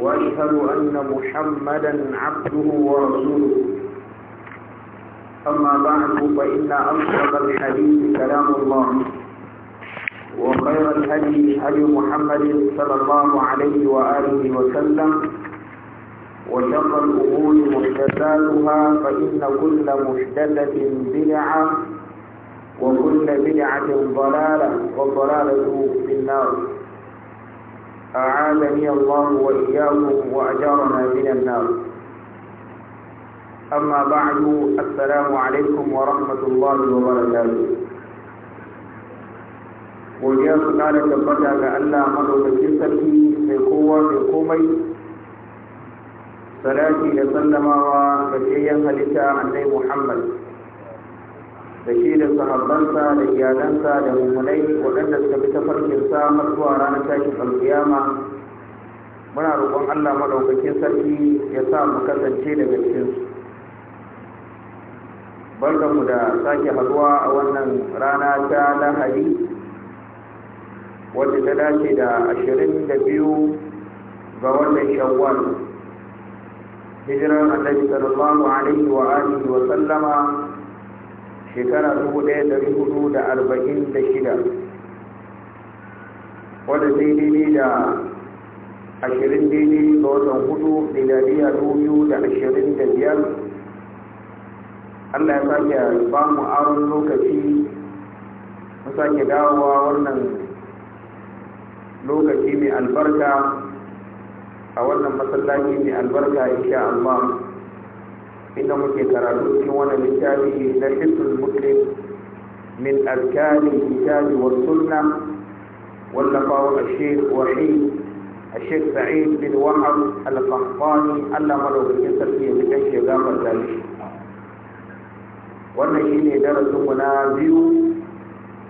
واشهد ان محمدا عبده ورسوله اما بعد فان اصدق الحديث كلام الله وخير الهدي هدي محمد صلى الله عليه واله وسلم وشر الامور محدثاتها فان كل محدثه بدعه وكل بدعه ضلاله والضلاله في النار أعاذني الله وإياكم وأجارنا من النار أما بعد السلام عليكم ورحمة الله وبركاته وليا سكالة بدا لألا مدو بكسكي في قوة في قومي صلاتي لسلم وكيه لك عني محمد da shi da sahabbansa da iyalansa da mummunai waɗanda suka bi tafarkinsa har zuwa ranar tashin alƙiyama muna roƙon Allah maɗaukakin sarki ya sa mu kasance daga cikinsu barkanmu da sake haɗuwa a wannan rana ta lahadi wadda ta dace da ashirin da biyu ga wannan shawwal hijirar annabi sallallahu alaihi wa alihi wa sallama shekara dubu ɗaya da hudu da arba'in da shida wadda daidai da ashirin daidai ga watan hudu miliyariya dubu da ashirin da biyar allah ya sake ba mu aron lokaci mu sake dawowa wannan lokaci mai albarka a wannan masallaci mai albarka insha Allah inda muke karatu cikin wannan littafi na hisul muslim min arkani kitabi wa sunna wallafawa a shek wahid a sheikh sa'id bin wahab al-qahtani allah madaukakin sarki ya ji kan shegafar da shi wannan shine darasinmu na biyu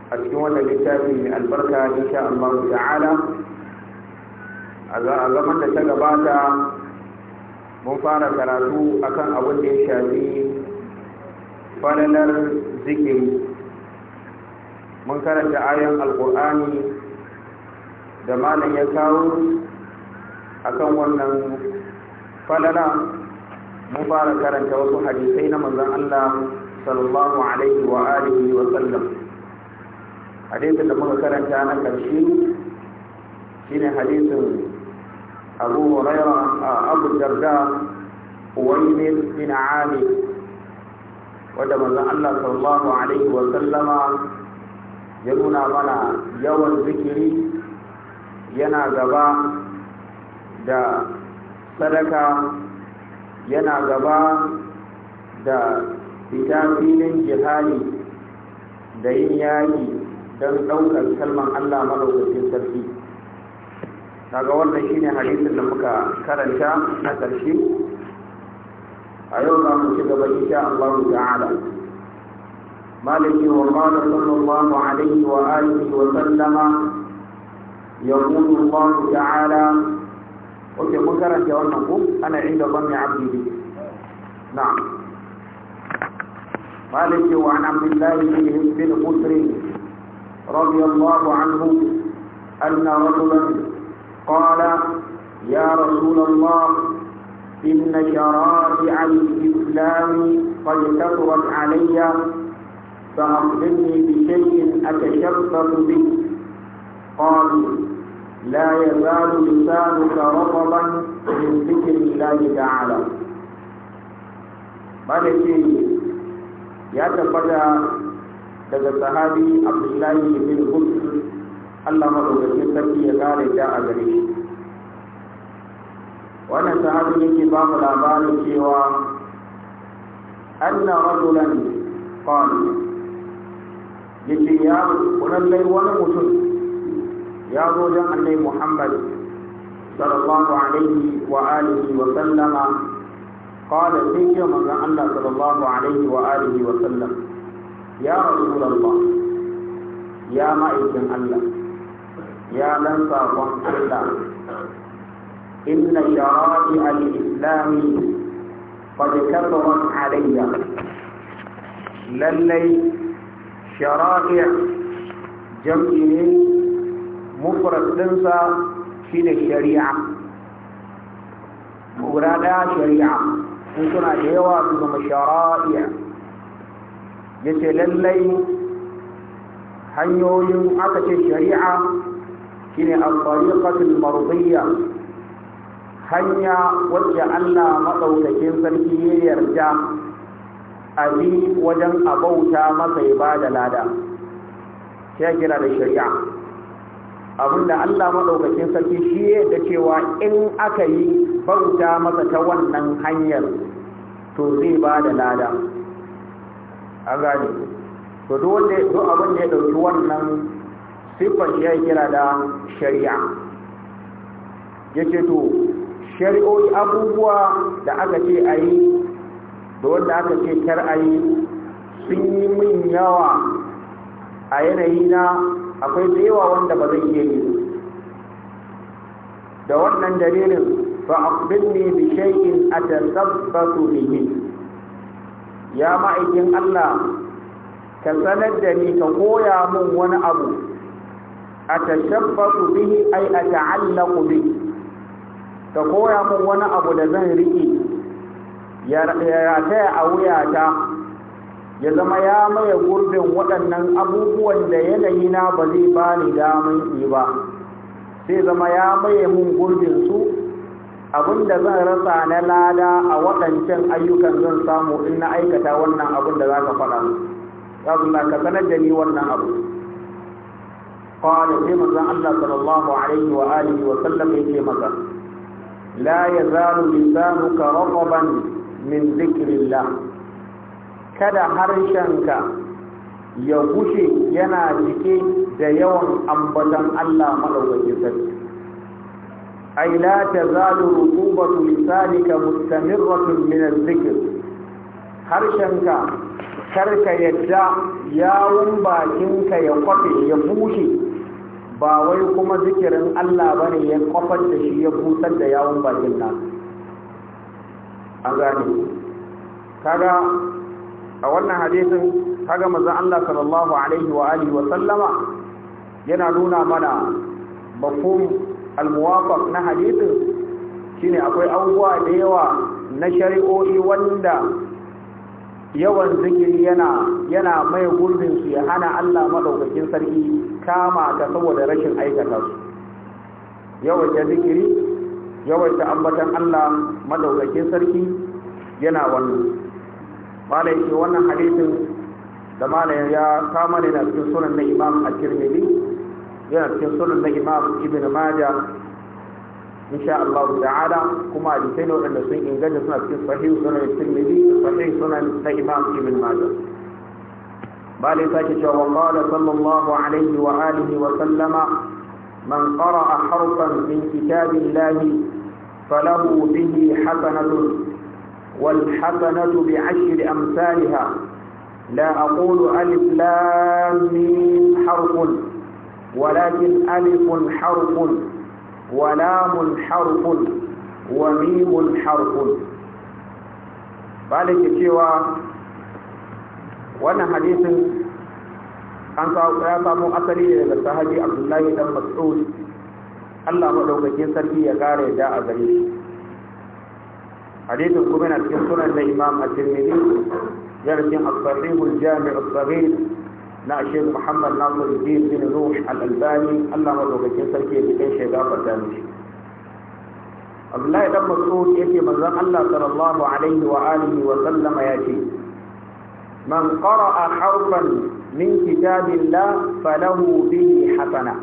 a cikin wannan littafi mai albarka insha Allah ta'ala a zaman da ta gabata mun fara karatu akan abin da ya shafi falalar zikiri mun karanta ayan alkur'ani da malam ya kawo akan wannan falala mun fara karanta wasu hadisai na manzon Allah sallallahu alaihi wa alihi wa sallam hadisin da muka karanta na karshe shine hadisin أبو هريرة أبو الدرداء أويل بن عامر wadda manzon Allah sallallahu alaihi wa sallama ya nuna mana yawan zikiri yana gaba da sadaka yana gaba da fita filin jihadi da yin yaƙi don ɗaukar kalman Allah maɗaukakin sarki kaga wannan shine hadisin da muka karanta na ƙarshe a yau za mu ci gaba insha Allah ta'ala maliki wa qala sallallahu alaihi wa alihi wa sallama yaqulu Allah ta'ala oke mun karanta wannan ku ana inda banni abdi na'am maliki wa an رضي الله عنه أن رجلا قال يا رسول الله إن شرائع الإسلام قد كثرت علي فأخبرني بشيء أتشبث به قالوا لا يزال لسانك رطبا من ذكر الله تعالى مالكي يا تفتى daga sahabi abdullahi bin hud Allah madaukakin sarki ya kare ta a gare shi wannan sahabin yake ba mu labarin cewa anna rajulan qala yace ya kullai wani mutum ya zo don annabi Muhammad sallallahu alaihi wa alihi wa sallama qala sai ya manzon Allah sallallahu alaihi wa alihi wa sallam ya rasulullah ya ma'aikin Allah يا من صاحب الله إن شرائع الإسلام قد كثرت علي للي شرائع جمعين مفرد تنسى في الشريعة مرادا شريعة ممكن أجيوا بهم شرائع يتللي hanyoyin aka ce الشريعة shine al-tariqatul marziya, hanya wacce Allah madaukakin sarki ya yarda a wajen abauta masa ibada lada sai kira da shari'a abinda Allah madaukakin sarki shi da cewa in aka yi bauta masa ta wannan hanyar to zai bada lada a gane to duk wanda abin da ya dauki wannan siffar shi ya kira da shari'a ya ce to shari'o'i abubuwa da aka ce a yi da wanda aka ce kar a yi sun yi min yawa a yanayi na akwai tsewa wanda ba zai iya yi da wannan dalilin ba a aqbilni bi shay'in atasabbatu bihi ya ma'aikin Allah ka sanar da ni ka koya mun wani abu atashabbatu bihi ay ata'allaqu bi ka koya mun wani abu da zan riƙe ya rataya a wuyata ya zama ya maye gurbin waɗannan abubuwan da yanayi na ba zai ba ni damun yi ba sai zama ya maye mun gurbin su abin da zan rasa na lada a waɗancan ayyukan zan samu in na aikata wannan abin da za ka faɗa za ka sanar da ni wannan abu qala sai manzon Allah sallallahu alaihi wa alihi wa sallam yake maka la yazalu lisanuka rataban min dhikrillah kada harshenka ya gushe yana jike da yawan ambatan Allah madaukakin sarki ay la tazalu rutubatu lisanika mustamirratun min adh-dhikr harshenka karka yadda yawun bakinka ya kwafe ya bushe ba wai kuma zikirin Allah ba ne ya kofar da shi ya busar da yawon bakin nan an gane kaga a wannan hadisin kaga manzon Allah sallallahu alaihi wa alihi wa sallama yana nuna mana mafhum al na hadisin shine akwai abubuwa da yawa na shari'o'i wanda yawan zikiri yana yana mai gurbin su ya hana Allah maɗaukakin sarki kama ta saboda rashin aikata su yawaita zikiri yawaita ambatan Allah madaukakin sarki yana wannan malai ce wannan hadisin da malai ya kama ne na cikin sunan na imam a kirmili yana cikin sunan na imam ibn maja insha Allah ta'ala kuma a jikai ne waɗanda sun inganta suna cikin sahihu sunan tirmidhi sahih sunan na imam ibn maja bali sake cewa qala sallallahu alaihi wa alihi wa sallama man qara'a harfan min kitabillahi falahu bihi hasanatun والحسنة بعشر أمثالها لا أقول ألف لام حرف ولكن ألف حرف ولام حرف وميم حرف balik cewa wannan hadisin an ya samu asali ne daga sahabi abdullahi dan mas'ud Allah madaukakin sarki ya kare da a gare shi hadisin kuma na cikin sunan na imam at-tirmidhi yarjin as-sahih al-jami' as-saghir na Sheikh Muhammad Nasiruddin bin Nuh al-Albani Allah madaukakin sarki ya kai shi gafarta mishi Abdullahi dan Mas'ud yake manzon Allah sallallahu alaihi wa alihi wa sallama ya ce man qara'a harfan min kitabillah falahu bihi hasana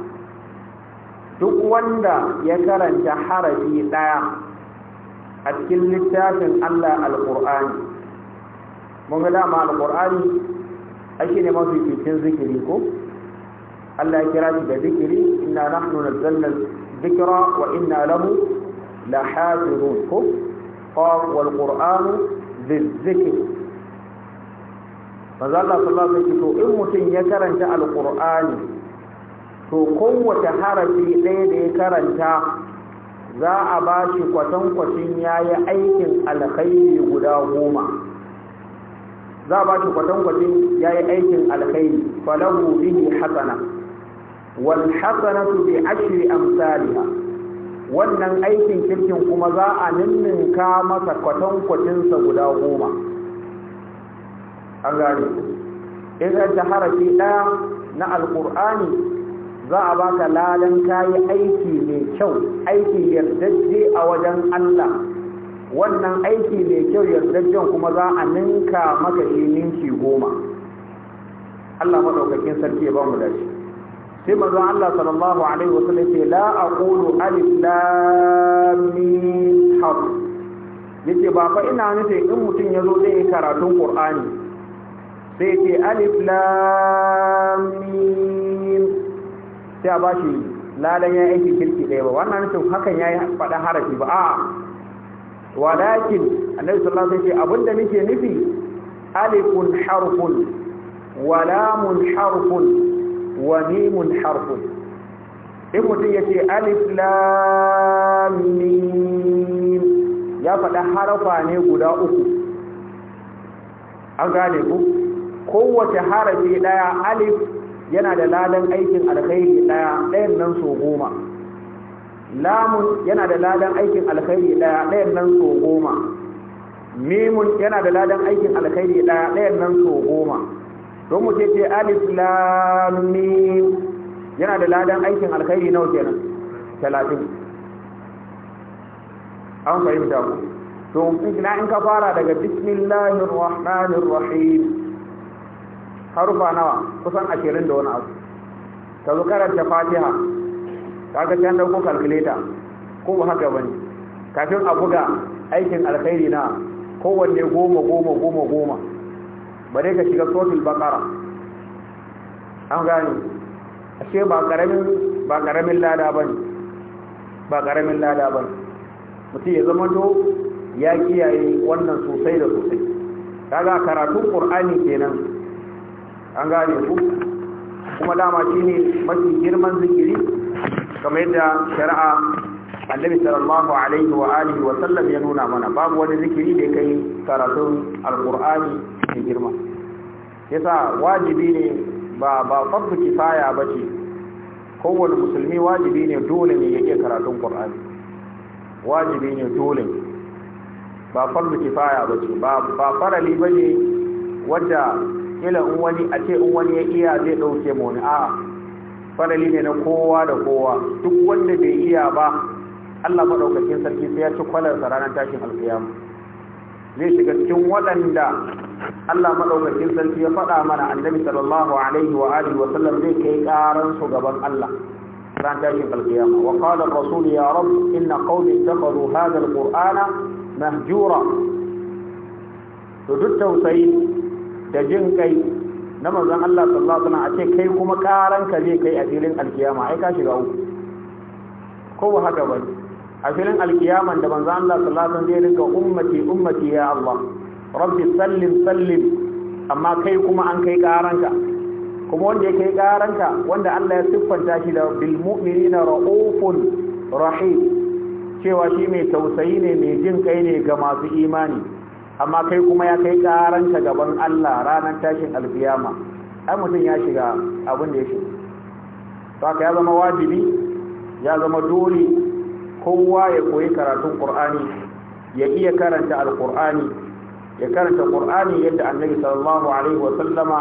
duk wanda ya karanta harafi daya a cikin littafin Allah alqur'ani mun ga dama alqur'ani ashe ne mafi cikin zikiri ko Allah ya kira shi da zikiri inna nahnu nazzalna dhikra wa inna lahu lahafizun ko wal qur'anu dhikr maza Allah sallallahu alaihi to in mutum ya karanta alqur'ani to kowace harafi ɗaya da ya karanta za a ba shi kwatankwacin yayi aikin alkhairi guda goma za a ba shi kwatankwacin yayi aikin alkhairi falahu bihi hasana wal hasanatu bi ashri amsalha wannan aikin kirkin kuma za a ninninka masa kwatankwacinsa guda goma an gane idan ta harafi ɗaya na alƙur'ani za a baka ladan kayi aiki mai kyau aiki yardajje a wajen Allah wannan aiki mai kyau yardajjen kuma za a ninka maka shi ninki goma Allah maɗaukakin sarki ya ba mu dace sai manzon Allah sallallahu alaihi wasallam ce la aqulu alif lam mim harf ba fa ina nufin in mutum ya zo zai karatun qur'ani sai ce alif lamim sai a ba shi ladan ya aiki kirki ɗaya ba wannan nufin hakan ya yi faɗa harafi ba a walakin annabi sallallahu alaihi wasallam abinda nake nufi alifun harfun walamun harfun wa mimun harfun in mutum ya ce alif lamim ya faɗa harafa ne guda uku an gane ku kowace harafi ɗaya alif yana da ladan aikin alkhairi ɗaya ɗayan nan so goma lamun yana da ladan aikin alkhairi ɗaya ɗayan nan so goma mimun yana da ladan aikin alkhairi ɗaya ɗayan nan so goma don mu ce alif lam mim yana da ladan aikin alkhairi nawa kenan talatin an fahimta ku to in ka fara daga bismillahir rahmanir rahim harufa nawa kusan ashirin da wani abu ka zo karanta fatiha ga can dauko calculator ko ba haka bane kafin a buga aikin alkhairi na kowanne goma goma goma goma ba dai ka shiga sotul bakara an gani ashe ba karamin ba karamin lada bane ba karamin lada bane mutum ya zama to ya kiyaye wannan sosai da sosai kaga karatun qur'ani kenan an gane ku kuma dama shi ne mafi girman zikiri kamar yadda shari'a annabi sallallahu alaihi wa alihi wa sallam ya nuna mana babu wani zikiri da kai karatun alqur'ani da girma yasa wajibi ne ba ba fardu kifaya bace kowane musulmi wajibi ne dole ne ya yake karatun qur'ani wajibi ne dole ba fardu kifaya bace ba ba farali bane wanda kila wani a ce in wani ya iya zai ɗauke mu wani a'a farali ne na kowa da kowa duk wanda bai iya ba Allah maɗaukakin sarki sai ya ci kwalarsa ranar tashin alkiyama zai shiga cikin waɗanda Allah maɗaukakin sarki ya faɗa mana annabi sallallahu alaihi wa alihi wa sallam zai kai ƙaran su gaban Allah ran tashin alkiyama wa qala ar-rasul ya rabb inna qawmi ittakhadhu hadha al-qur'ana mahjura to duk tausayi da jin kai na manzon Allah sallallahu alaihi wasallam a ce kai kuma karan ka zai kai a filin alkiyama ai ka shiga uku ko ba haka bane a filin alkiyaman da manzon Allah sallallahu alaihi wasallam zai rinka ummati ummati ya Allah rabbi sallim sallim amma kai kuma an kai karan ka kuma wanda ya kai karan ka wanda Allah ya siffanta shi da bil mu'minina raufun rahim cewa shi mai tausayi ne mai jin kai ne ga masu imani amma kai kuma ya kai karanta gaban Allah ranar tashin alkiyama ai mutum ya shiga abin da ya shiga to aka ya zama wajibi ya zama dole kowa ya koyi karatun qur'ani ya iya karanta alqur'ani ya karanta qur'ani yadda annabi sallallahu alaihi wasallama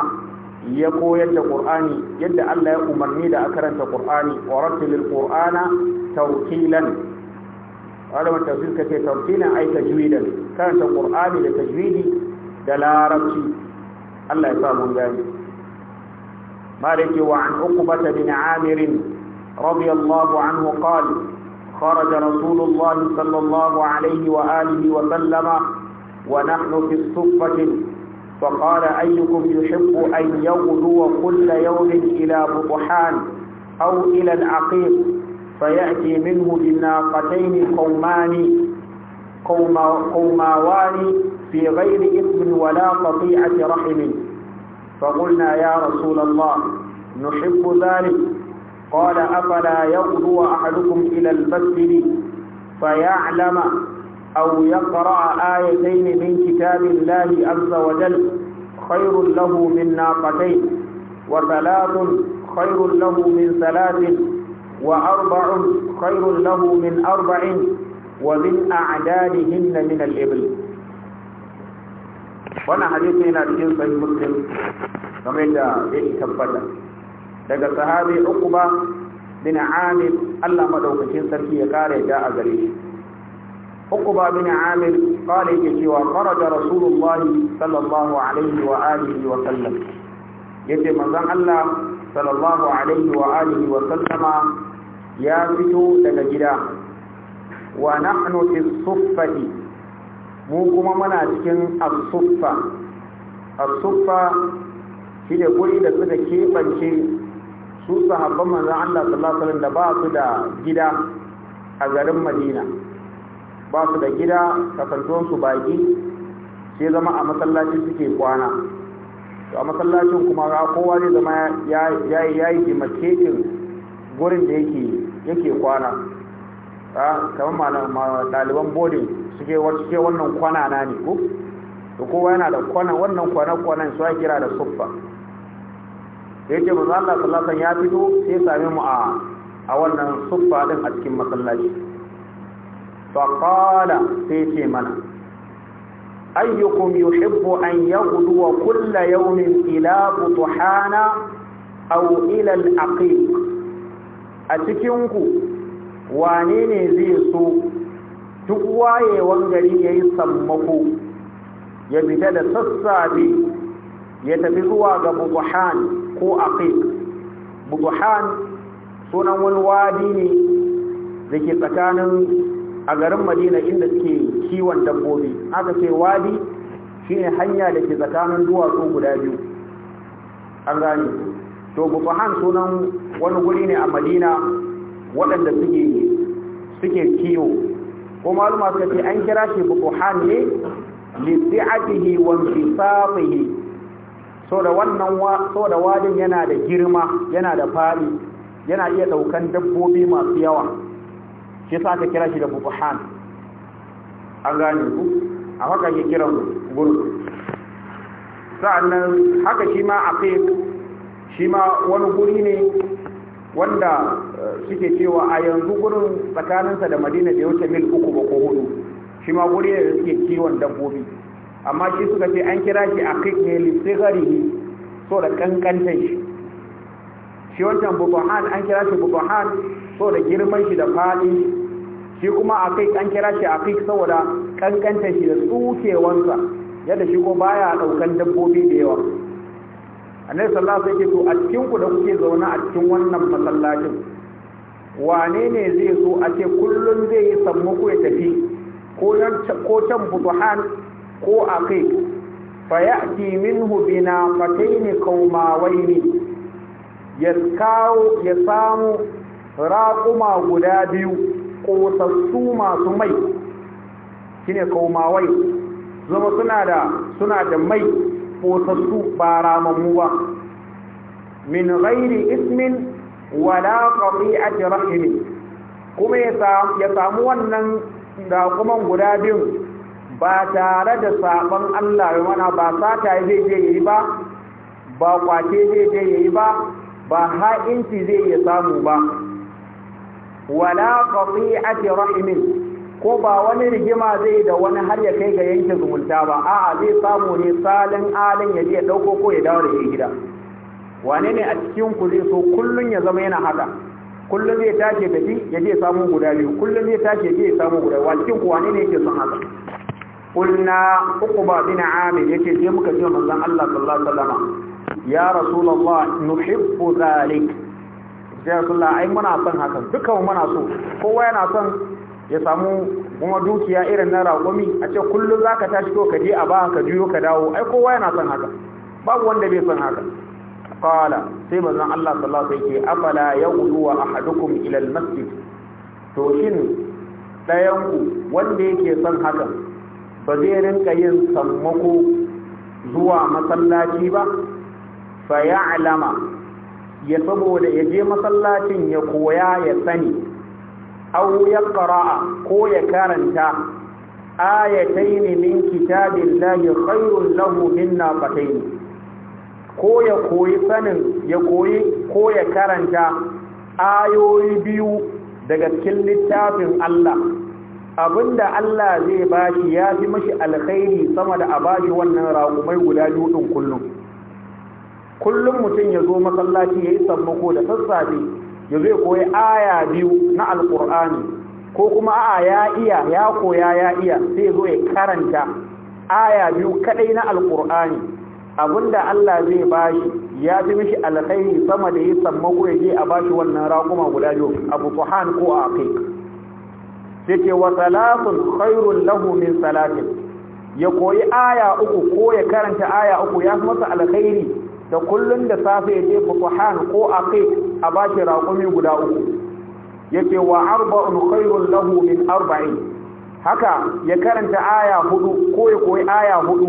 ya koyar da qur'ani yadda Allah ya umarni da a karanta qur'ani wa rattilil qur'ana tawkilan malaman tafsir kace tafsirin ai tajwidan karanta qur'ani da tajwidi da larabci Allah ya sa مالك وعن عقبة بن عامر رضي الله عنه قال خرج رسول الله صلى الله عليه وآله وسلم ونحن في الصفة فقال أيكم يحب أن يغدو كل يوم إلى بطحان أو إلى العقيق فيأتي منه بناقتين قومان قوماوان في غير إثم ولا قطيعة رحم فقلنا يا رسول الله نحب ذلك قال أفلا يغدو أحدكم إلى المسجد فيعلم أو يقرأ آيتين من كتاب الله عز وجل خير له من ناقتين وثلاث خير له من ثلاث وأربع خير له من أربع ومن أعدادهن من الإبل وانا حديث هنا رجل صحيح مسلم da يدعي تبتا daga sahabi Uqba bin Amir Allah madaukakin sarki ya kare da a gare shi Uqba bin Amir kare yake cewa faraja Rasulullahi sallallahu alaihi wa alihi wa sallam yace manzon Allah sallallahu alaihi wa alihi wa sallama ya fito daga gida wa nahnu fi suffati mu kuma muna cikin as-suffa as-suffa shine guri da suka kebance su sahabban manzon Allah sallallahu alaihi wasallam da ba su da gida a garin Madina ba su da gida kafantuwan su baki sai zama a masallaci suke kwana to a masallacin kuma ga kowa zai zama ya ya yi makekin gurin da yake yake kwana ah, kamar ɗaliban boarding suke suke wannan kwana na ne ko to kowa yana da kwana wannan kwana kwana su kira da suffa da yake manzo Allah sallallahu alaihi wasallam ya fito sai same mu a a wannan suffa din a cikin masallaci fa qala sai ce mana ayyukum yuhibbu an wa kulla yawmin ila butuhana aw ila al-aqiq a cikinku wane ne zai so duk wayewan gari ya yi sammako ya fita da sassafe ya tafi zuwa ga bukuhan ko aqiq bukuhan sunan wani wadi ne da ke tsakanin a garin madina inda suke kiwon dabbobi aka ce wadi shine hanya da ke tsakanin duwatsu guda biyu an gane to bufahan sunan wani guri ne a madina waɗanda suke suke kiyo ko maluma suka ce an kira shi bufahan ne lisi'atihi wa infisafihi so da wannan so da wajen yana da girma yana da fadi yana iya daukan dabbobi masu yawa shi sa aka kira shi da bufahan an gane ku a haka ke kiran gurgu sa'annan haka shi ma a fi shi ma wani guri ne wanda eh, suke cewa a yanzu gurin tsakaninsa da madina da yauce mil uku ba ko hudu shi ma guri ne da suke kiwon dabbobi amma shi suka ce an kira shi a kike ne so da kankantar shi shi wancan bubuhan an kira shi bubuhan so da girman shi da faɗi shi kuma a kai an kira shi a kai saboda kankantar shi da tsukewansa yadda shi ko baya ɗaukan dabbobi da yawa annabi sallallahu alaihi wasallam to a cikin ku da kuke zaune a cikin wannan masallacin wane ne zai so a ce kullum zai yi ku ya tafi ko can butuhan ko a kai ya'ti minhu bina fataini kaumawaini ya kawo ya samu raƙuma guda biyu ƙosassu masu mai shine kaumawai zama suna da suna da mai Fosassu ba ramammu ba min ghairi ismin wala qati'ati rahimi kuma ya samu wannan raƙuman guda biyu ba tare da sabon Allah ya mana ba sata zai je yi ba ba kwace zai je yi ba ba ha'inci zai ya samu ba wala qati'ati rahimin ko ba wani rigima zai da wani har ya kai ga yanke zumunta ba a'a zai samu ne salin alin ya je ya dauko ko ya dawo da shi gida wane ne a cikin ku zai so kullun ya zama yana haka kullun zai tashi shi ya je samu guda biyu kullun zai tashi ya je samu guda wa cikin ku wane ne yake son haka قلنا أقبى بن عامر يكي جمك muka الله صلى Allah عليه وسلم يا رسول الله نحب ذلك Ya رسول الله أي son أصنع dukkan ذكر منا so. Kowa yana son. ya samu kuma dukiya irin na raƙumi a ce kullum za ka tashi ko ka je a ba ka juyo ka dawo ai kowa yana son haka babu wanda bai son haka qala sai bazan Allah sallallahu alaihi wasallam yake afala yaqulu wa ahadukum ila almasjid to shin dayan ku wanda yake son haka ba zai rinka yin sammako zuwa masallaci ba fa ya'lama ya saboda ya je masallacin ya koya ya sani aw yaqra'a ko ya karanta ayatayn min kitabillahi khairun lahu min naqatayn ko ya koyi sanin ya koyi ko ya karanta ayoyi biyu daga cikin littafin Allah abinda Allah zai bashi ya fi mashi alkhairi sama da a bashi wannan raƙumai guda biyu din kullum kullum mutum ya zo masallaci ya yi sammako da sassafe ya zai koyi aya biyu na alkur'ani ko kuma a ya iya ya koya ya iya sai zo ya karanta aya biyu kadai na alkur'ani abinda Allah zai bashi ya fi mishi alkhairi sama da ya sammako ya je a bashi wannan raƙuma guda biyu abu suhan ko a aqiq sai ce wa salatun khairun lahu min salatin ya koyi aya uku ko ya karanta aya uku ya fi masa alkhairi da kullun da safe ya je fufuhan ko akai a bashi raƙumi guda uku ce wa arba'un khairun lahu min arba'in haka ya karanta aya hudu ko ya koyi aya hudu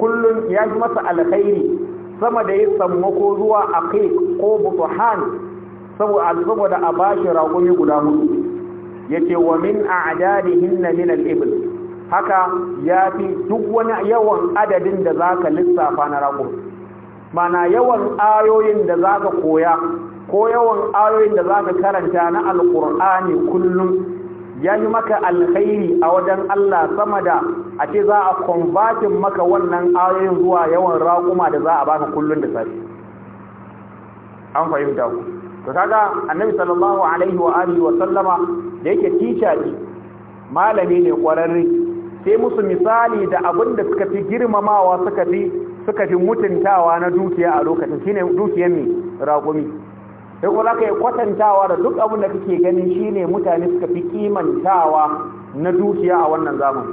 kullun ya ji masa alkhairi sama da ya sammako zuwa akai ko fufuhan saboda a bashi raƙumi guda hudu ce wa min a'dadihin min al-ibl haka ya fi duk wani yawan adadin da za ka lissafa na raƙumi mana yawan ayoyin da za ka koya ko yawan ayoyin da za ka karanta na alkur'ani kullum ya yi maka alkhairi a wajen Allah sama da a ce za a kwambatin maka wannan ayoyin zuwa yawan raƙuma da za a baka kullum da safe an fahimta ku to kaga annabi sallallahu alaihi wa alihi wa sallama da yake tisha ne malami ne kwararre sai musu misali da abin da suka fi girmamawa suka fi suka fi mutuntawa na dukiya a lokacin shine dukiyar mai raƙumi sai ko zaka yi kwatantawa da duk abin da kake ganin shine mutane suka fi kimantawa na dukiya a wannan zamani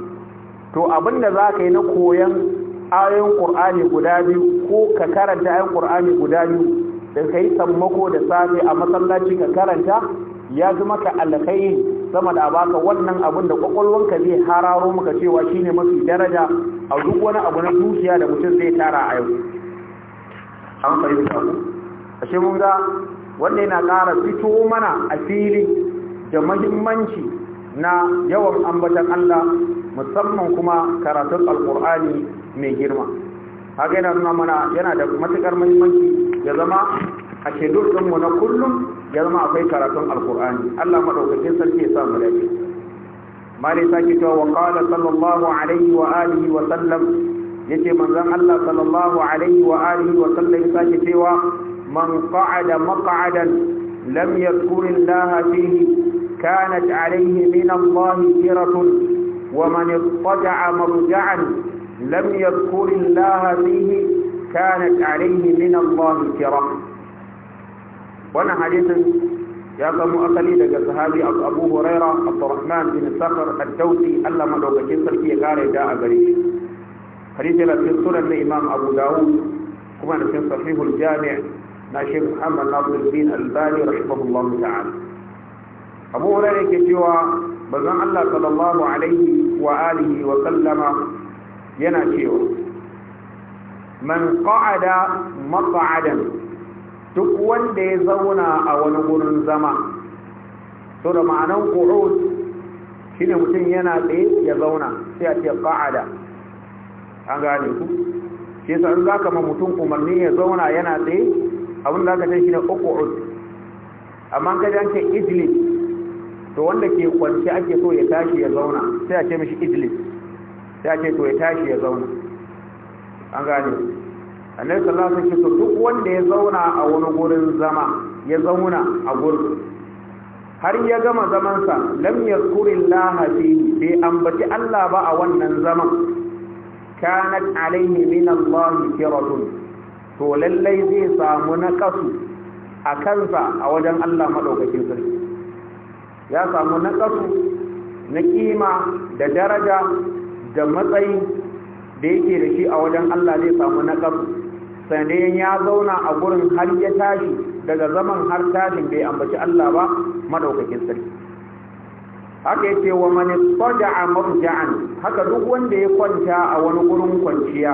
to abin da zaka yi na koyan ayoyin Qur'ani guda biyu ko ka karanta ayoyin Qur'ani guda biyu da kai sammako da safe a masallaci ka karanta ya zama ka alkhairi sama da baka wannan abin da kwakwalwanka zai hararo maka cewa shine mafi daraja a duk wani abu na dukiya da mutum zai tara a yau an fahimta ku ashe mun ga wanda yana ƙara fito mana a fili da mahimmanci na yawan ambatan Allah musamman kuma karatun Alƙur'ani mai girma haka yana nuna mana yana da matuƙar mahimmanci ya zama a shedul ɗinmu na kullum ya zama akwai karatun alkur'ani Allah madaukakin sarki ya sa mu dace mali sake cewa wa qala sallallahu alaihi wa alihi wa sallam yace manzon Allah sallallahu alaihi wa alihi wa sallam sake cewa man qa'ada maq'adan lam yadhkur Allah fihi kanat alaihi min Allah siratun wa man ittaja'a marja'an lam yadhkur Allah fihi kanat alaihi min Allah siratun wannan hadisin ya samu asali daga sahabi abu huraira abdurrahman bin sakar ad-dawsi Allah madaukakin sarki ya kare da a gare shi hadisi yana cikin sunan na imam abu dawud kuma na cikin sahihul jami' na shaykh muhammad nasiruddin albani rahimahullahu ta'ala abu huraira yake cewa bazan Allah sallallahu alaihi wa alihi wa sallama yana cewa man qa'ada maq'adan duk wanda ya zauna a wani gurin zama to da ma'anan qu'ud shine mutum yana tsaye ya zauna sai a ce qa'ada an gane ku shi yasa in ka ma mutum umarni ya zauna yana tsaye abin da aka ce shine qu'ud amma ka ji an ce idlis to wanda ke kwance ake so ya tashi ya zauna sai a ce mishi idlis sai a ce to ya tashi ya zauna an gane ku annabi sallallahu alaihi wasallam duk wanda ya zauna a wani gurin zama ya zauna a gurin har ya gama zamansa lam yazkurillaha fi bai ambaci Allah ba a wannan zaman kanat alaihi min Allah kiratun to lallai zai samu naƙasu a kansa a wajen Allah maɗaukakin sarki ya samu naƙasu na kima da daraja da matsayi da yake da shi a wajen Allah zai samu naƙasu. sanadiyan ya zauna a gurin har ya tashi daga zaman har tashin bai ambaci Allah ba madaukakin sarki haka yake wa man istajaa marja'an haka duk wanda ya kwanta a wani gurin kwanciya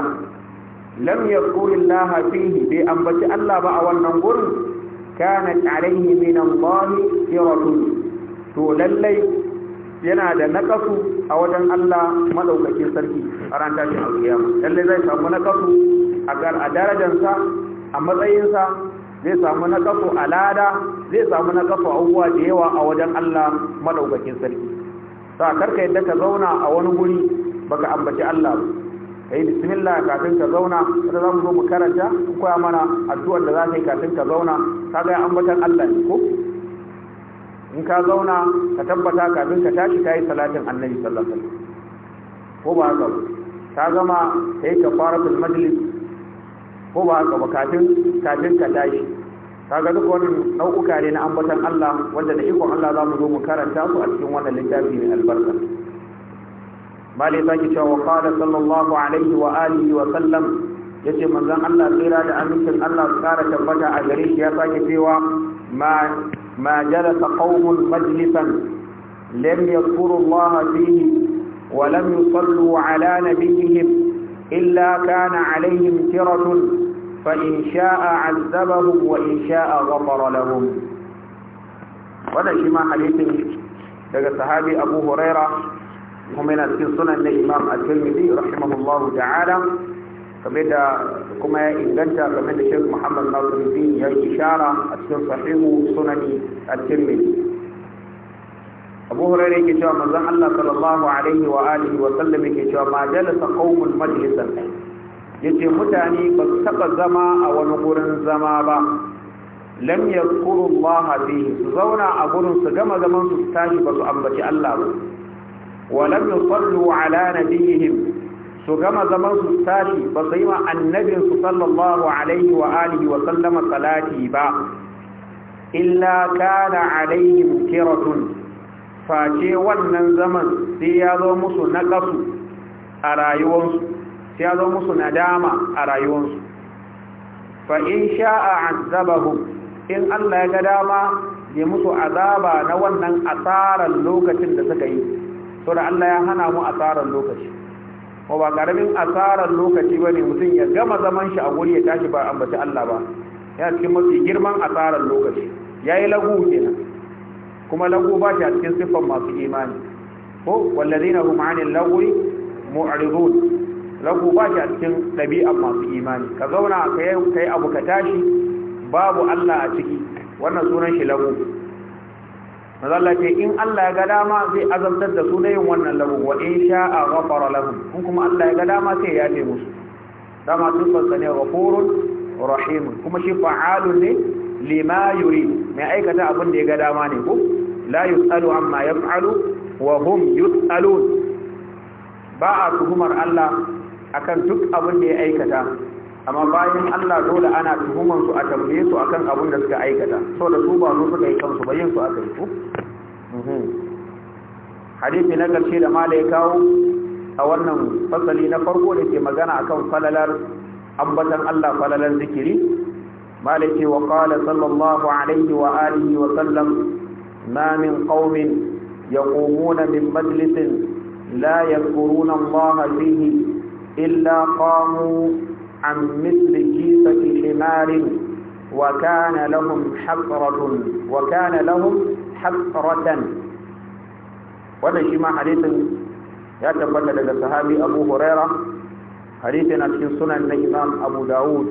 lam yadhkurillaha fihi bai ambaci Allah ba a wannan gurin kana alaihi min Allah siratun to lallai yana da nakasu a wajen Allah madaukakin sarki a ran tashin alƙiyama lallai zai samu nakasu. a darajarsa a matsayinsa zai samu na kaso a lada zai samu na kaso abubuwa da yawa a wajen Allah madaukakin sarki sa karka yadda ka zauna a wani guri baka ambaci Allah ba yi bismillah kafin ka zauna wanda za mu zo mu karanta ku koya mana addu'ar da za ka yi kafin ka zauna ka ga ambatan Allah ne ko in ka zauna ka tabbata kafin ka tashi ka yi salatin annabi sallallahu alaihi wasallam ko ba haka ba ta gama sai ka fara fil majlis ko ba haka ba kafin kafin ka tashi kaga duk wannan nau'uka ne na ambatan Allah wanda da ikon Allah za mu zo mu karanta su a cikin wannan littafi mai albarka mali sake cewa wa qala sallallahu alaihi wa alihi wa sallam yace manzon Allah tsira da amincin Allah su kara tabbata a gare shi ya sake cewa ma ma jalasa qaumun majlisan lam yadhkuru Allah fihi wa lam yusallu ala nabiyihim إلا كان عليهم ترة فإن شاء عذبهم وإن شاء غفر لهم wannan shi ma hadisin daga sahabi Abu Huraira kuma yana cikin sunan na Imam At-Tirmidhi rahimahullahu ta'ala kamar da kuma ya inganta kamar da Sheikh Muhammad Nasiruddin ya ishara a cikin sahihu At-Tirmidhi abu hurairu yake cewa manzon Allah sallallahu alaihi wa alihi wa sallam yake cewa ma jalasa qaumul majlisan yace mutane ba su taba zama a wani gurin zama ba lam yadhkuru Allah fihi su zauna a gurin su gama zaman su tashi ba su ambaci Allah ba wa lam yusallu ala nabiyihim su gama zaman su tashi ba su yi ma annabin su sallallahu alaihi wa alihi wa sallama salati ba illa kana alaihim kiratun face wannan zaman sai ya zo musu na naƙasu a rayuwarsu sai ya zo musu na dama a rayuwarsu fa in sha'a zabahu in Allah ya ga dama ya musu azaba na wannan asarar lokacin da suka yi so da Allah ya hana mu asarar lokaci ko ba karamin asarar lokaci ba ne mutum ya gama zaman shi a wuri ya tashi ba ambaci Allah ba ya cikin mafi girman asarar lokaci ya yi lagu kenan kuma lagu ba ta cikin siffan masu imani ko wallazina hum anil lagwi mu'ridun lagu ba ta cikin dabi'an masu imani ka zauna ka yi abu ka tashi babu Allah a ciki wannan sunan shi lagu mazalla ce in Allah ya ga dama zai azabtar da su yin wannan lagu wa in sha'a ghafara lahum kun kuma Allah ya ga dama sai ya ce musu dama sun fasane ghafurun rahimun kuma shi fa'alun ne lima yuri mai aikata abin da ya ga dama ne ku? la yusalu amma yaf'alu wa hum yusalun ba a tuhumar Allah akan duk abin da ya aikata amma bayan Allah dole ana tuhumar su a tambaye su akan abin da suka aikata so da su ba su suka yi kansu bayin su aka yi ku? Mhm. hadisi na karshe da mala ya kawo a wannan fasali na farko da ke magana akan falalar ambatan Allah falalar zikiri مالك وقال صلى الله عليه وآله وسلم ما من قوم يقومون من مجلس لا يذكرون الله فيه إلا قاموا عن مثل جيفة حمار وكان لهم حسرة وكان لهم حسرة ونشيما حديث ya tabbata daga sahabi abu huraira hadithin a cikin sunan na imam abu dawud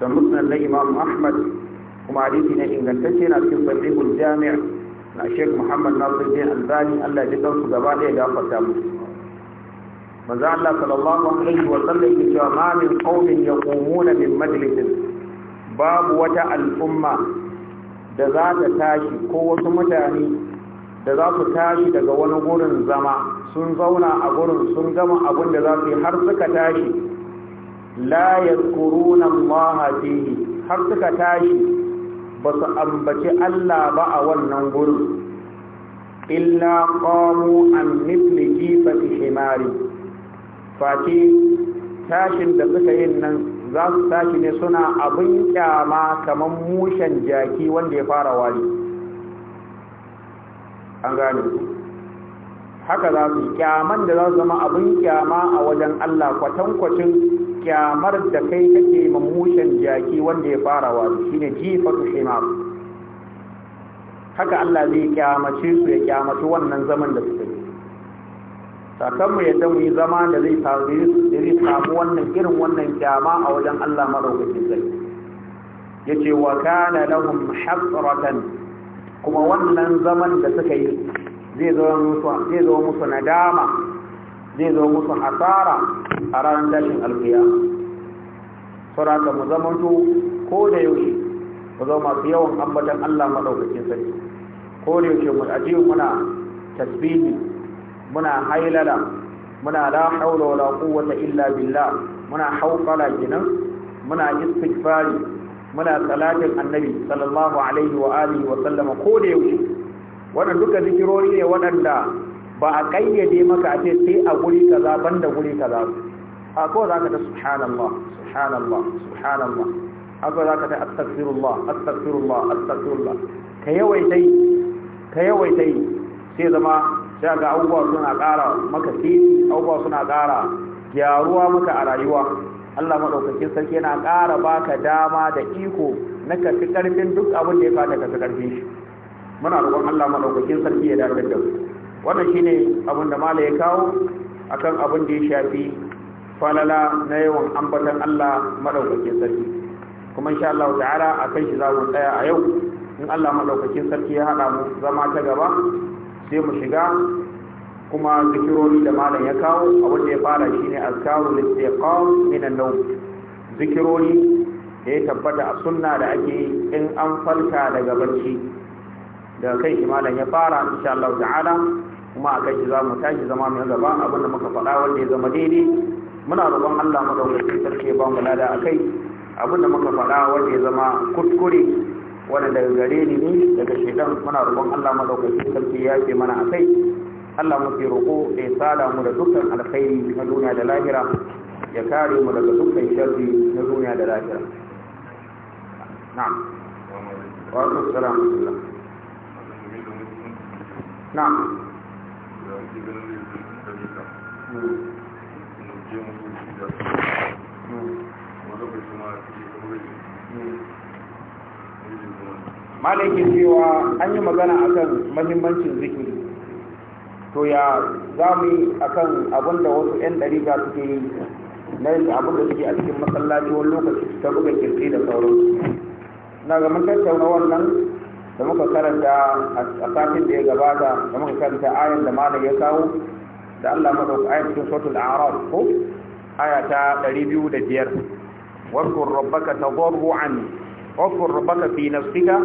da musnan na imam ahmad kuma hadisi ne ingantacce na cikin sahihul jami' na sheikh muhammad nasir bin albani Allah ya ji su gaba da gafarta musu manzo Allah sallallahu alaihi wa sallam ya ce ma min qawmin yaqumuna min majlisin babu wata al'umma da za ta tashi ko wasu mutane da za su tashi daga wani gurin zama sun zauna a gurin sun gama abin da za su yi har suka tashi la yadhkuruna Allah har suka tashi ba su ambaci Allah ba a wannan gurin illa qamu an mithli jifati himari fati tashin da suka yin nan za su tashi ne suna abin kyama kamar mushen jaki wanda ya fara wali. an gane haka za su kyaman da za su zama abin kyama a wajen Allah kwatankwacin kyamar da kai kake mamushin jaki wanda ya fara wasu shi su jifatu su. haka Allah zai kyamace su ya kyamace wannan zaman da suka yi sakan mu yadda mu yi zama da zai samu wannan irin wannan kyama a wajen Allah zai ya ce wa kana lahum hasratan kuma wannan zaman da suka yi zai zo musu nadama zai zo musu hasara a ranar tashin alfiya ta mu zamanto ko da yaushe mu zo masu yawan ambatan Allah maɗaukakin sarki ko da yaushe mu aji muna tasbihi muna hailala muna la haula wala quwwata illa billah muna hawqala kenan muna istighfari muna salatin annabi sallallahu alaihi wa alihi wa sallama ko da yaushe wannan duka zikirori ne waɗanda ba a kayyade maka a ce sai a guri kaza banda guri kaza a ko za ka ta subhanallah subhanallah subhanallah a ko za ka ta astaghfirullah astaghfirullah astaghfirullah ka yawai yi ka yawai yi sai zama sai ga abubuwa suna ƙara maka sisi abubuwa suna ƙara gyaruwa maka a rayuwa Allah madaukakin sarki yana ƙara baka dama da iko na ka fi ƙarfin duk abin da ya fata ka fi ƙarfin shi muna roƙon Allah maɗaukakin sarki ya dace da wannan shine abin da mala ya kawo akan abin da ya shafi falala na yawan ambatan Allah maɗaukakin sarki kuma insha Allah ta'ala akan shi za mu tsaya a yau in Allah maɗaukakin sarki ya haɗa mu zama ta gaba sai mu shiga kuma zikirori da malam ya kawo abin da ya fara shine azkarul istiqam min an-nawm zikirori da ya tabbata a sunna da ake yi in an farka daga barci daga kai imanin ya fara insha Allah ta'ala kuma a kai za mu tashi zama mai gaba abin da muka faɗa wanda ya zama daidai muna roƙon Allah madaukakin sarki ba mu lada a kai abin da muka faɗa wanda ya zama kuskure wanda daga gare ni ne daga shedan muna roƙon Allah madaukakin sarki ya ce mana a kai Allah muke roƙo da ya sada mu da dukkan alkhairi na duniya da lahira ya kare mu daga dukkan sharri na duniya da lahira na'am wa alaikum assalam na'am malaki cewa an yi magana akan mahimmancin zikiri to ya za mu yi akan abin da wasu 'yan ɗari ga suke yi na yin abin da suke a cikin masallaci lokaci ta buga kirki da sauransu na ga mun tattauna wannan da muka karanta a satin da ya gabata da muka karanta ayar da malam ya kawo da Allah maka ku ayar cikin sautul a'raf ko aya ta 205 wakur rabbaka tadarruan wakur rabbaka fi nafsika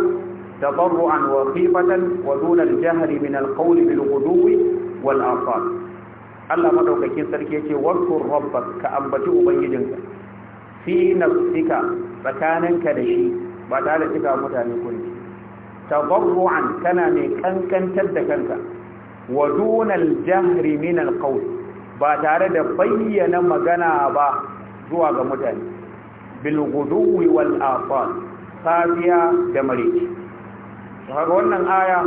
tadarruan wa khifatan wa dun al jahri min al qawl bil ghudwi wal asal Allah madaukakin sarki yace wakur rabbaka ambati ubangijinka fi nafsika tsakaninka da shi ba tare da mutane kunki tabarru'an kana mai kankantar da kanka wa dunal jahri min alqawl ba tare da bayyana magana ba zuwa ga mutane bil ghudwi wal safiya da mareci haka wannan aya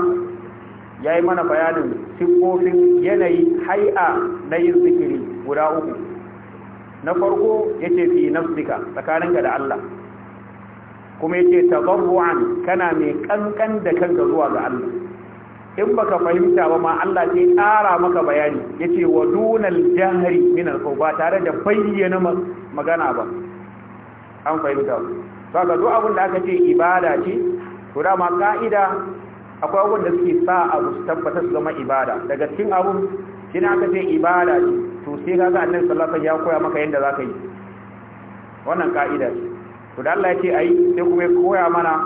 yayi mana bayanin sifofin yanayi hai'a na yin zikiri guda uku na farko yace fi nafsika tsakaninka da Allah kuma yace tabarru'an kana mai kankan da kanka zuwa ga Allah in baka fahimta ba ma Allah zai ƙara maka bayani yace wa dunal jahri min al ba tare da bayyana magana ba an fahimta to ga duk abin da aka ce ibada ce to dama ka'ida akwai abin da suke sa abu su tabbata su zama ibada daga cikin abun shi ne aka ce ibada ce to sai kaga annabi sallallahu alaihi wasallam ya koya maka yadda zaka yi wannan ka'ida ce to da Allah ya ce ayi sai kuma ya koya mana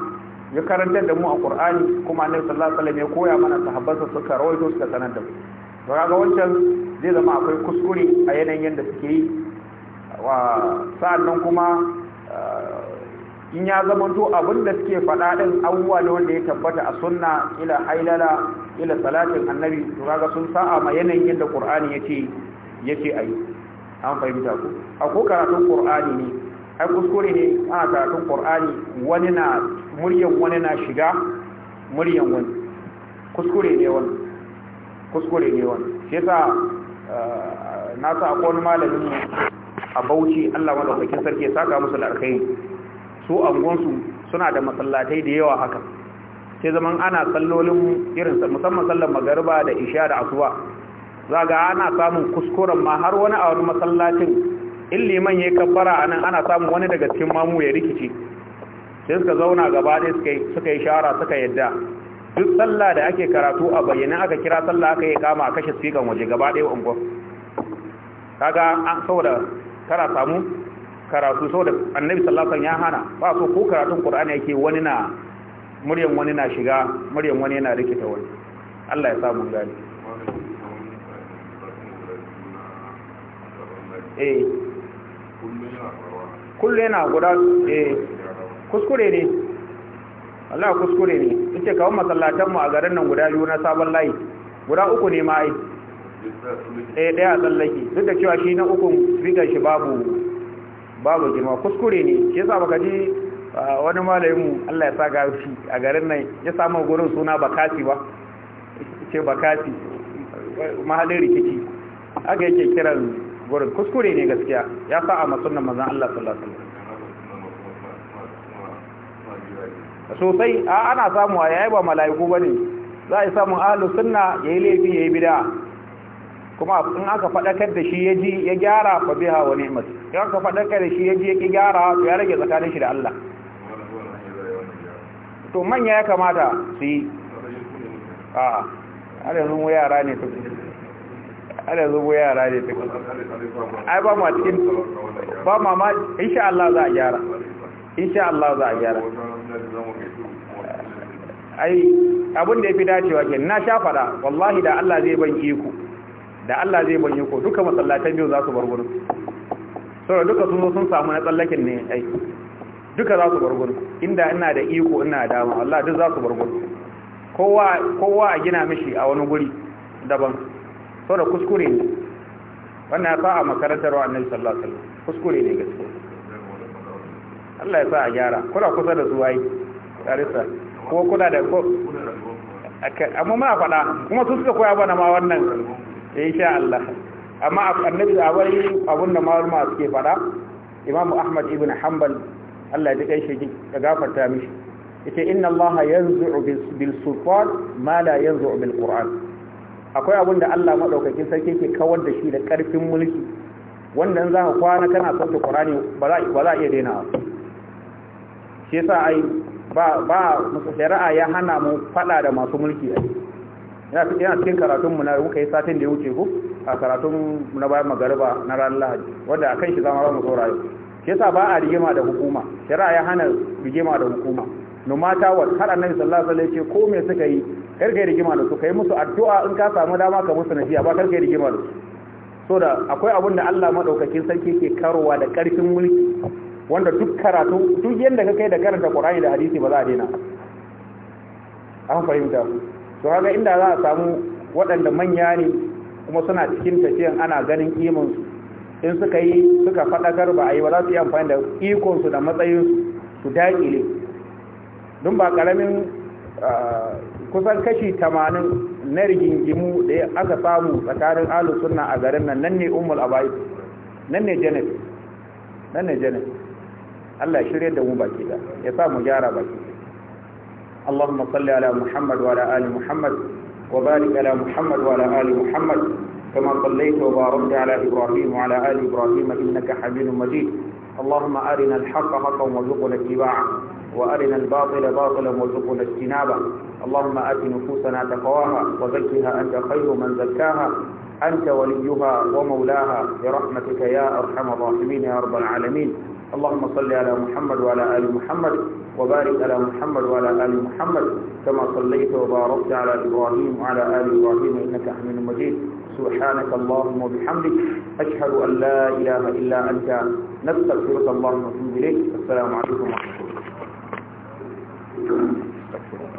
ya karantar da mu a Qur'ani kuma Annabi sallallahu alaihi wasallam ya koya mana sahabbansa suka rawaito suka sanar da mu to kaga wancan zai zama akwai kuskure a yanayin yanda suke yi wa sa'annan kuma eh, in ya zama to abin da suke faɗa din abubuwa ne wanda ya tabbata a sunna ila hailala ila salatin annabi to kaga sun sa'a ma yanayin yanda Qur'ani yace yace ai an fahimta ko a ko karatun Qur'ani ne ai kuskure ne ana karatun qur'ani wani na muryan wani na shiga muryan wani kuskure ne wani kuskure ne wani shi yasa eh, na sa akwai wani malamin a Bauchi Allah madaukakin sarki ya saka musu larkai su angonsu suna da masallatai da yawa haka sai zaman ana sallolin irin musamman sallar magariba da isha da asuba za ana samun kuskuren ma har wani a wani masallacin in liman ya yi kabbara a nan ana samun wani daga cikin mamu ya rikici sai suka zauna gaba ɗaya suka yi shara suka yadda duk sallah da ake karatu a bayyana aka kira sallah aka yi kama a kashe sifikan waje gaba ɗaya unguwa kaga an sau da kara samu karatu sau da annabi sallallahu ya hana ba so ko karatun qur'ani yake wani na muryan wani na shiga muryan wani yana rikita wani Allah ya samu gani eh. kullu yana guda eh, kuskure ne Allah kuskure ne ita kawo masallatan mu a garin nan guda biyu na sabon layi guda uku ne ma eh, ɗaya eh daya tsallake duk da cewa shi na ukun rigar shi babu babu girma kuskure ne shi yasa baka ji wani malamin Allah ya saka shi a garin nan ya samu gurin suna bakati ba ce bakati mahallin rikici aka yake kiran gurin kuskure ne gaskiya ya sa a masunan manzan Allah sallallahu alaihi wasallam sosai a ana samu a yayi ba mala'iku bane za a yi samun ahlu sunna yayi laifi yayi bid'a kuma in aka fadakar da shi yaji ya gyara fa biha wa ni'mat in aka fadakar da shi yaji ya gyara to ya rage tsakanin shi da Allah to manya ya kamata su yi a har yanzu yara ne to ana zubo yara ne ta ai ba ma cikin ba ma ma insha Allah za a gyara insha Allah za a gyara ai abin da ya fi dacewa ke na sha fada wallahi da Allah zai ban iko da Allah zai ban iko duka masallatan biyu za su bar gurin saboda duka sun zo sun samu na tsallakin ne ai duka za su bar gurin inda ina da iko ina da dama Allah duk za su bar gurin kowa kowa a gina mishi a wani guri daban saboda kuskure ne wannan sa a makarantar wa annabi sallallahu alaihi wasallam kuskure ne gaske Allah ya sa a gyara kuna kusa da su ai tarisa ko kula da ko amma ma faɗa kuma su suka koya bana ma wannan insha Allah amma annabi a bari abun da malama suke faɗa Imam Ahmad ibn Hanbal Allah ya kai shi ka gafarta mishi yace inna Allah yanzu bil sultan ma la yanzu bil Qur'an akwai abin da Allah madaukakin sarki ke kawar da shi da karfin mulki wannan za ka kwana kana sauke Qur'ani ba za iya daina shi yasa ai ba ba shari'a ya hana mu fada da masu mulki ai yana cikin karatun mu na muka yi satin da ya wuce ko a karatun mu na bayan magariba na ran Lahadi wanda akan shi zama mu tsora yau shi yasa ba a rigima da hukuma shari'a ya hana rigima da hukuma no mata wa har annabi sallallahu alaihi wasallam ce ko me suka yi kar yi rigima da su kai musu addu'a in ka samu dama ka musu nasiha ba kar yi rigima da su so da akwai abin da Allah madaukakin sarki ke karowa da karfin mulki wanda duk karatu duk yanda ka kai da karanta Qur'ani da hadisi ba za a daina an fahimta su haka inda za a samu waɗanda manya ne kuma suna cikin tafiyan ana ganin kiman in suka yi suka faɗakar ba a yi ba za su yi amfani da ikonsu da matsayinsu su daƙile don ba ƙaramin ah, kusan kashi tamanin na rigingimu da aka samu tsakanin ahlus sunna a garin nan nan ne ummul abaid nan ne nan ne janet Allah shirye da mu baki da ya sa mu gyara baki اللهم صل على محمد وعلى آل محمد وبارك على محمد وعلى آل محمد كما صليت وباركت على إبراهيم وعلى آل إبراهيم إنك حميد مجيد اللهم أرنا الحق حقا وارزقنا اتباعه وأرنا الباطل باطلا وارزقنا اجتنابه اللهم آت نفوسنا تقواها وزكها أنت خير من زكاها أنت وليها ومولاها برحمتك يا أرحم الراحمين يا رب العالمين اللهم صل على محمد وعلى آل محمد وبارك على محمد وعلى آل محمد كما صليت وباركت على إبراهيم وعلى آل إبراهيم إنك حميد مجيد سبحانك اللهم وبحمدك أشهد أن لا إله إلا أنت نستغفرك اللهم ونتوب إليك السلام عليكم ورحمة الله Thank you.